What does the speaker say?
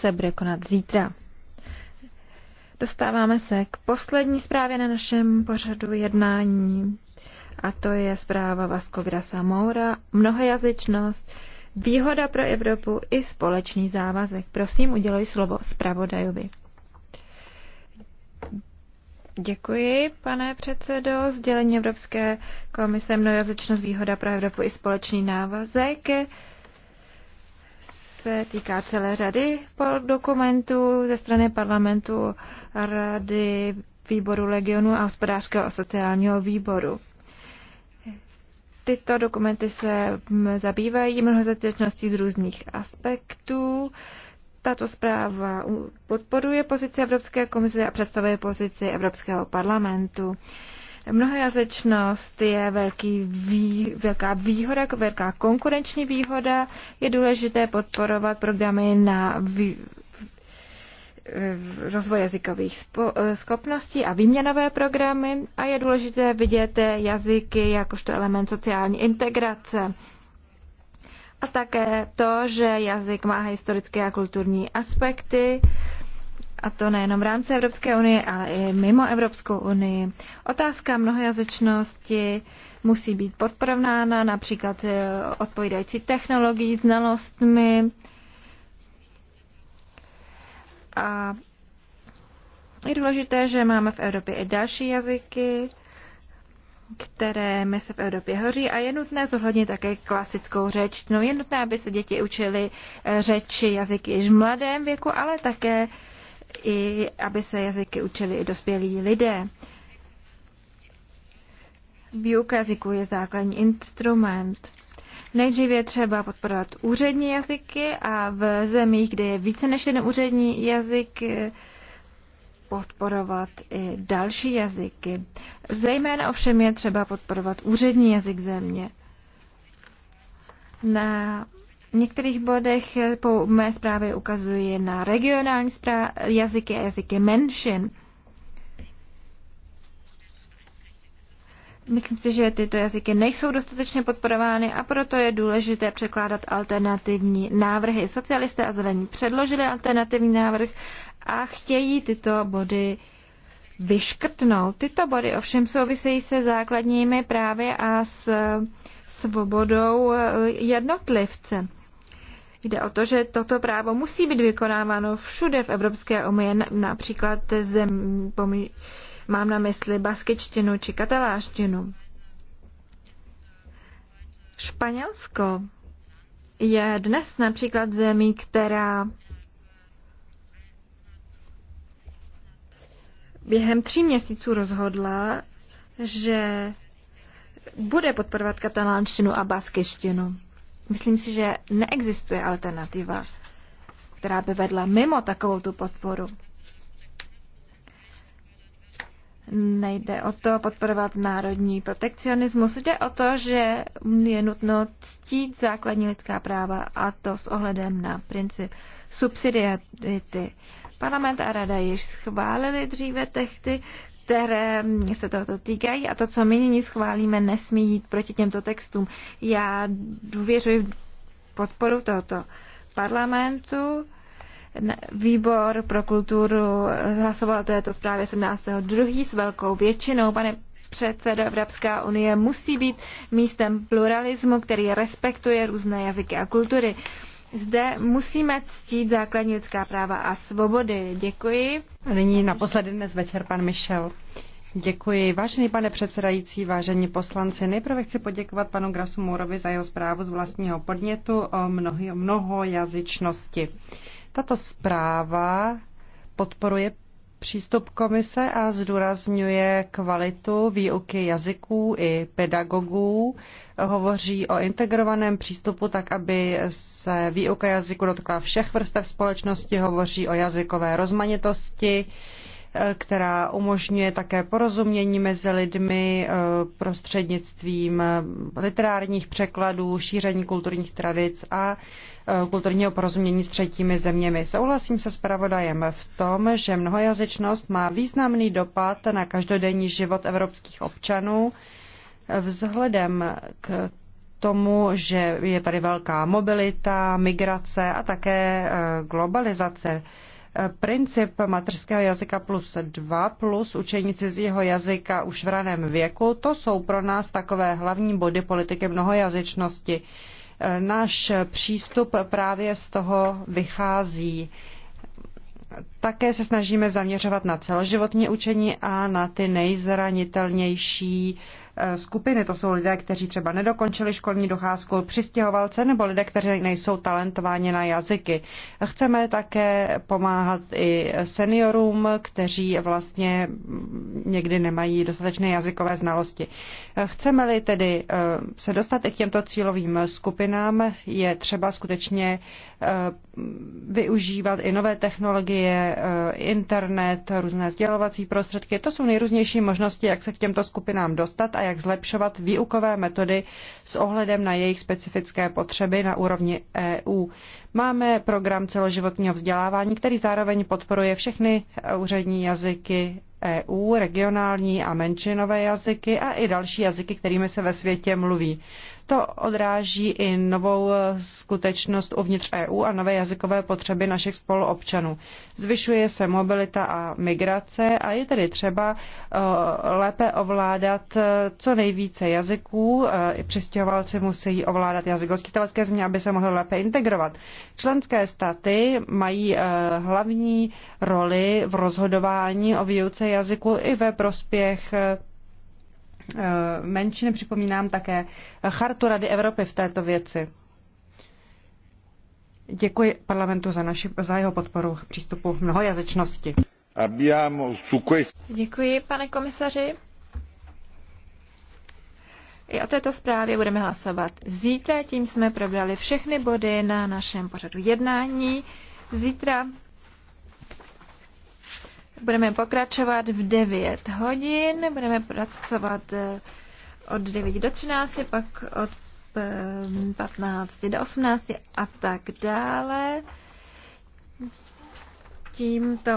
se bude konat zítra. Dostáváme se k poslední zprávě na našem pořadu jednání a to je zpráva Vasco Grasa Moura, mnohojazyčnost, výhoda pro Evropu i společný závazek. Prosím, uděluji slovo zpravodajovi. Děkuji, pane předsedo. Sdělení Evropské komise mnohojazyčnost, výhoda pro Evropu i společný návazek se týká celé řady dokumentů ze strany parlamentu, rady, výboru legionu a hospodářského a sociálního výboru. Tyto dokumenty se zabývají mnohozetečností z různých aspektů. Tato zpráva podporuje pozici Evropské komise a představuje pozici Evropského parlamentu. Mnohojazyčnost je velký vý, velká výhoda, velká konkurenční výhoda. Je důležité podporovat programy na vý, rozvoj jazykových schopností a výměnové programy a je důležité vidět jazyky jakožto element sociální integrace. A také to, že jazyk má historické a kulturní aspekty, a to nejenom v rámci Evropské unie, ale i mimo Evropskou unii. Otázka mnohojazyčnosti musí být podporovnána například eh, odpovídající technologií, znalostmi a je důležité, že máme v Evropě i další jazyky, které my se v Evropě hoří a je nutné zohlednit také klasickou No, Je nutné, aby se děti učili eh, řeči, jazyky již v mladém věku, ale také i aby se jazyky učili i dospělí lidé. Výuka jazyku je základní instrument. Nejdříve je třeba podporovat úřední jazyky a v zemích, kde je více než jeden úřední jazyk, eh, podporovat i další jazyky. Zejména ovšem je třeba podporovat úřední jazyk země. Na v některých bodech eh, po mé zprávě ukazuje na regionální jazyky a jazyky menšin. Myslím si, že tyto jazyky nejsou dostatečně podporovány a proto je důležité překládat alternativní návrhy. Socialisté a zelení předložili alternativní návrh a chtějí tyto body vyškrtnout. Tyto body ovšem souvisejí se základními právy a s svobodou eh, jednotlivce. Jde o to, že toto právo musí být vykonáváno všude v Evropské unii, například zem, pomí, mám na mysli baskečtinu či kataláštinu. Španělsko je dnes například zemí, která během tří měsíců rozhodla, že bude podporovat katalánštinu a baskeštinu. Myslím si, že neexistuje alternativa, která by vedla mimo takovou tu podporu. Nejde o to podporovat národní protekcionismus, jde o to, že je nutno ctít základní lidská práva a to s ohledem na princip subsidiarity. Parlament a rada již schválili dříve tehdy které se tohoto týkají a to, co my nyní schválíme, nesmí jít proti těmto textům. Já důvěřuji podporu tohoto parlamentu. Výbor pro kulturu hlasoval této zprávě 17.2. s velkou většinou. Pane předsedo, Evropská unie musí být místem pluralismu, který respektuje různé jazyky a kultury zde musíme ctít základní lidská práva a svobody. Děkuji. Nyní naposledy dnes večer pan Michel. Děkuji. Vážený pane předsedající, vážení poslanci, nejprve chci poděkovat panu Grasu Mourovi za jeho zprávu z vlastního podnětu o mnoho, mnoho jazyčnosti. Tato zpráva podporuje přístup komise a zdůrazňuje kvalitu výuky jazyků i pedagogů. Hovoří o integrovaném přístupu tak, aby se výuka jazyku dotkla všech vrstev společnosti, hovoří o jazykové rozmanitosti, která umožňuje také porozumění mezi lidmi eh, prostřednictvím eh, literárních překladů, šíření kulturních tradic a eh, kulturního porozumění s třetími zeměmi. Souhlasím se s pravodajem v tom, že mnohojazyčnost má významný dopad na každodenní život evropských občanů vzhledem k tomu, že je tady velká mobilita, migrace a také globalizace. Princip materského jazyka plus dva plus učení cizího jazyka už v raném věku, to jsou pro nás takové hlavní body politiky mnohojazyčnosti. Náš přístup právě z toho vychází. Také se snažíme zaměřovat na celoživotní učení a na ty nejzranitelnější Eh, skupiny. To jsou lidé, kteří třeba nedokončili školní docházku, přistěhovalce nebo lidé, kteří nejsou talentováni na jazyky. Chceme také pomáhat i seniorům, kteří vlastně někdy nemají dostatečné jazykové znalosti. Chceme-li tedy eh, se dostat i k těmto cílovým skupinám, je třeba skutečně eh, využívat i nové technologie, internet, různé sdělovací prostředky. To jsou nejrůznější možnosti, jak se k těmto skupinám dostat a jak jak zlepšovat výukové metody s ohledem na jejich specifické potřeby na úrovni EU. Máme program celoživotního vzdělávání, který zároveň podporuje všechny úřední jazyky EU, regionální a menšinové jazyky a i další jazyky, kterými se ve světě mluví. To odráží i novou eh, skutečnost uvnitř EU a nové jazykové potřeby našich spoluobčanů. Zvyšuje se mobilita a migrace a je tedy třeba eh, lépe ovládat eh, co nejvíce jazyků. I přistěhovalci musí ovládat jazyk hostitelské země, aby se mohly lépe integrovat. Členské státy mají hlavní roli v rozhodování o výuce jazyku i ve prospěch Eh, menšiny. Připomínám také Chartu Rady Evropy v této věci. Děkuji parlamentu za, naši, za jeho podporu přístupu mnohojazyčnosti. Děkuji, pane komisaři. I o této zprávě budeme hlasovat zítra, tím jsme probrali všechny body na našem pořadu jednání. Zítra Budeme pokračovat v 9 hodin, budeme pracovat eh, od 9 do 13, pak od 15 eh, do 18 a tak dále. Tímto